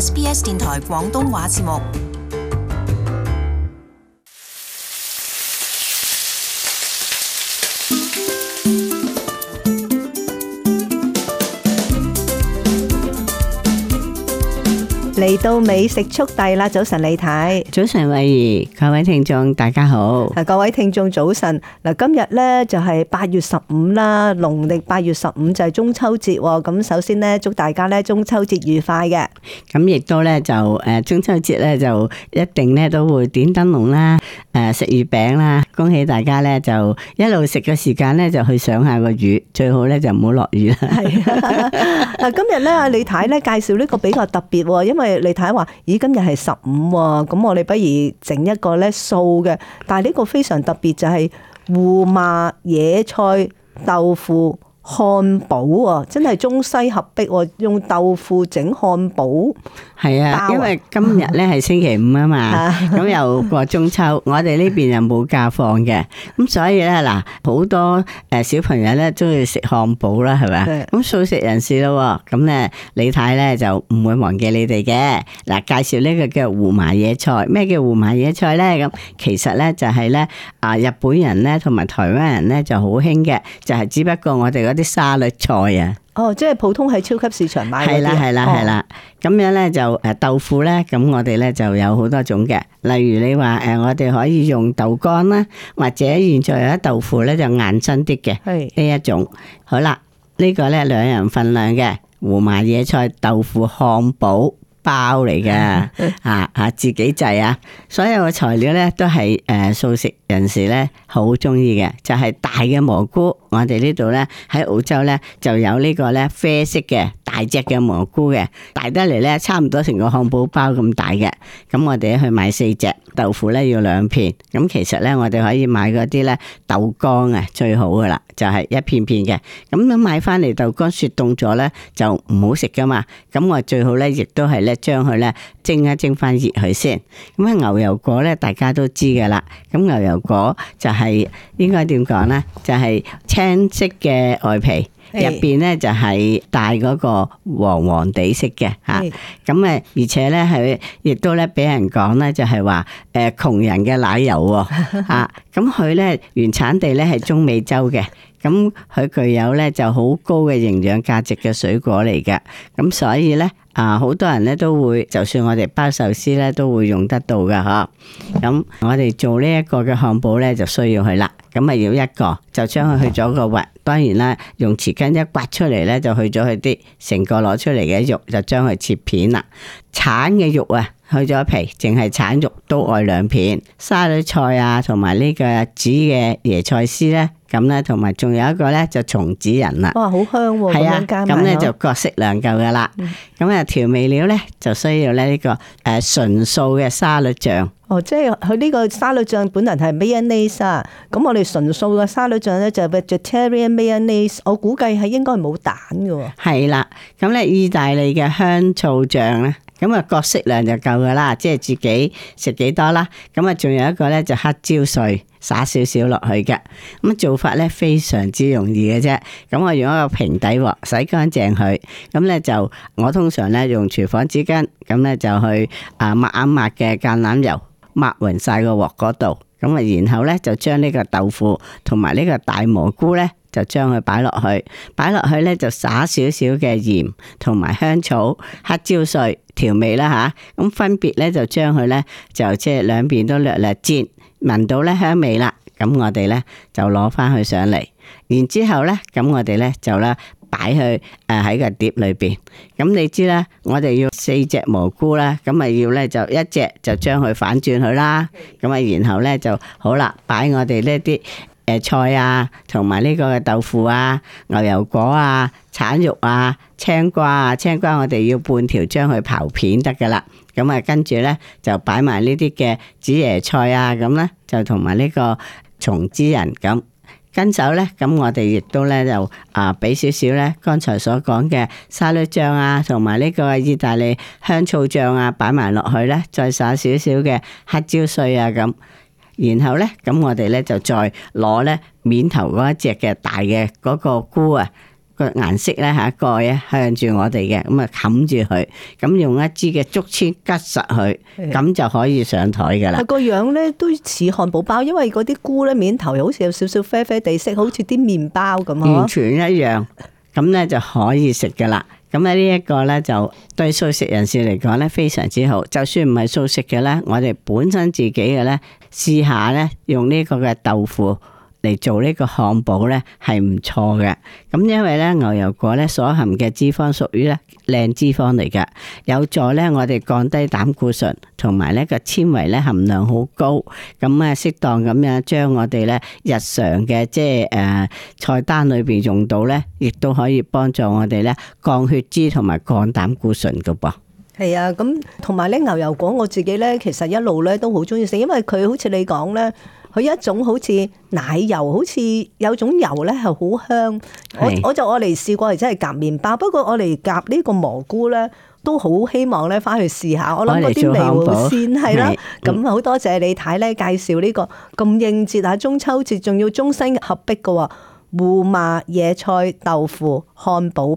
SBS 電台廣東話節目。嚟到美食速遞啦！早晨李太，早晨惠兒，各位聽眾大家好，啊各位聽眾早晨嗱，今日咧就係八月十五啦，農曆八月十五就係中秋節，咁首先咧祝大家咧中秋節愉快嘅，咁亦都咧就誒中秋節咧就一定咧都會點燈籠啦，誒食月餅啦，恭喜大家咧就一路食嘅時間咧就去賞下個月，最好咧就唔好落雨啦。係啊，嗱今日咧阿李太咧介紹呢個比較特別，因為你睇下，咦，今日係十五喎，咁我哋不如整一個呢素嘅，但係呢個非常特別就係胡麻野菜豆腐。漢堡喎，啊，真係中西合璧喎，啊，用豆腐整漢堡，係啊，因為今日咧係星期五啊嘛，咁 又過中秋，我哋呢邊又冇假放嘅，咁所以咧嗱，好多誒小朋友咧中意食漢堡啦，係咪啊？咁素食人士咯，咁咧李太咧就唔會忘記你哋嘅嗱，介紹呢個叫胡麻野菜，咩叫胡麻野菜咧？咁其實咧就係咧啊，日本人咧同埋台灣人咧就好興嘅，就係、是，只不過我哋啲沙律菜啊，哦，即係普通喺超級市場買，係啦，係啦，係啦，咁樣咧就誒豆腐咧，咁我哋咧就有好多種嘅，例如你話誒我哋可以用豆乾啦，或者現在有啲豆腐咧就硬身啲嘅，係呢一種，好啦，呢個咧兩人份量嘅胡麻野菜豆腐漢堡。包嚟嘅啊啊，自己製啊，所有嘅材料呢都係誒、呃、素食人士呢好中意嘅，就係、是、大嘅蘑菇。我哋呢度呢，喺澳洲呢就有呢個呢啡色嘅大隻嘅蘑菇嘅，大得嚟呢，差唔多成個漢堡包咁大嘅。咁我哋去買四隻豆腐呢，要兩片。咁其實呢，我哋可以買嗰啲呢豆乾啊，最好㗎喇，就係、是、一片片嘅。咁樣買返嚟豆乾雪凍咗呢，就唔好食㗎嘛。咁我最好呢，亦都係呢。將佢咧蒸一蒸翻熱佢先。咁啊牛油果咧，大家都知噶啦。咁牛油果就係、是、應該點講咧？就係、是、青色嘅外皮，入邊咧就係帶嗰個黃黃地色嘅吓。咁 Hey. 啊，而且咧佢亦都咧俾人講咧，就係話誒窮人嘅奶油喎、啊、吓。啊 咁佢呢原產地呢係中美洲嘅，咁佢具有呢就好高嘅營養價值嘅水果嚟嘅。咁所以呢，啊好多人呢都會，就算我哋包壽司呢都會用得到噶嗬。咁、嗯、我哋做呢一個嘅漢堡呢就需要佢啦，咁啊要一個就將佢去咗個核，當然啦用匙羹一刮出嚟呢，就去咗佢啲，成個攞出嚟嘅肉就將佢切片啦。橙嘅肉啊，去咗皮，淨係橙肉都愛兩片沙律菜啊，同埋呢個煮嘅椰菜絲咧，咁咧同埋仲有一個咧就松子仁啦、啊。哇，好香係啊！咁咧、啊、就各式量夠噶啦。咁啊調味料咧就需要咧呢個誒純素嘅沙律醬。哦，即係佢呢個沙律醬本來係 mayonnaise，咁、啊、我哋純素嘅沙律醬咧就 vegetarian mayonnaise，我估計係應該冇蛋噶。係啦、嗯，咁咧意大利嘅香醋醬咧。咁啊，各適量就夠㗎喇，即係自己食幾多啦。咁啊，仲有一個咧，就黑椒碎灑少少落去嘅。咁做法咧非常之容易嘅啫。咁我用一個平底鑊，洗乾淨佢。咁咧就我通常咧用廚房紙巾，咁咧就去啊抹一抹嘅橄欖油抹勻晒個鑊嗰度。咁啊，然後咧就將呢個豆腐同埋呢個大蘑菇咧。就將佢擺落去，擺落去呢就撒少少嘅鹽同埋香草、黑椒碎調味啦吓。咁分別呢就將佢呢就即係兩邊都略略煎，聞到呢香味啦。咁我哋呢就攞翻佢上嚟，然之後呢咁我哋呢就啦擺去誒喺個碟裏邊。咁你知啦，我哋要四隻蘑菇啦，咁啊要呢就一隻就將佢反轉佢啦，咁啊然後呢就好啦，擺我哋呢一啲。誒，椰菜啊，同埋呢個豆腐啊，牛油果啊，橙肉啊，青瓜啊，青瓜我哋要半條將佢刨片得㗎喇。咁啊，跟住呢，就擺埋呢啲嘅紫椰菜啊，咁呢，就同埋呢個松枝仁咁。跟手呢，咁我哋亦都呢，就啊，俾少少呢。剛才所講嘅沙律醬啊，同埋呢個意大利香醋醬啊，擺埋落去呢，再撒少少嘅黑椒碎啊咁。然後咧，咁我哋咧就再攞咧面頭嗰一隻嘅大嘅嗰個菇啊，個顏色咧吓蓋向住我哋嘅，咁啊冚住佢，咁用一支嘅竹籤吉實佢，咁是的 就可以上台噶啦。個樣咧都似漢堡包，因為嗰啲菇咧面頭又好似有少少啡啡地色，好似啲麵包咁。啊、完全一樣，咁咧就可以食噶啦。咁呢一個呢，就對素食人士嚟講呢，非常之好，就算唔係素食嘅呢，我哋本身自己嘅呢，試下呢，用呢個嘅豆腐。嚟做呢個漢堡呢係唔錯嘅，咁因為呢牛油果呢所含嘅脂肪屬於呢靚脂肪嚟嘅，有助呢我哋降低膽固醇，同埋呢個纖維呢含量好高，咁啊適當咁樣將我哋呢日常嘅即係誒菜單裏邊用到呢，亦都可以幫助我哋呢降血脂同埋降膽固醇嘅噃。係啊，咁同埋呢牛油果，我自己呢其實一路呢都好中意食，因為佢好似你講呢。有一種好似奶油，好似有種油咧，係好香。我我就我嚟試過，真係夾麵包。不過我嚟夾呢個蘑菇咧，都好希望咧，翻去試下。我諗嗰啲味會鮮係啦。咁好多謝你睇咧介紹呢個咁應節啊，中秋節仲要中西合璧嘅喎，胡麻野菜豆腐漢堡。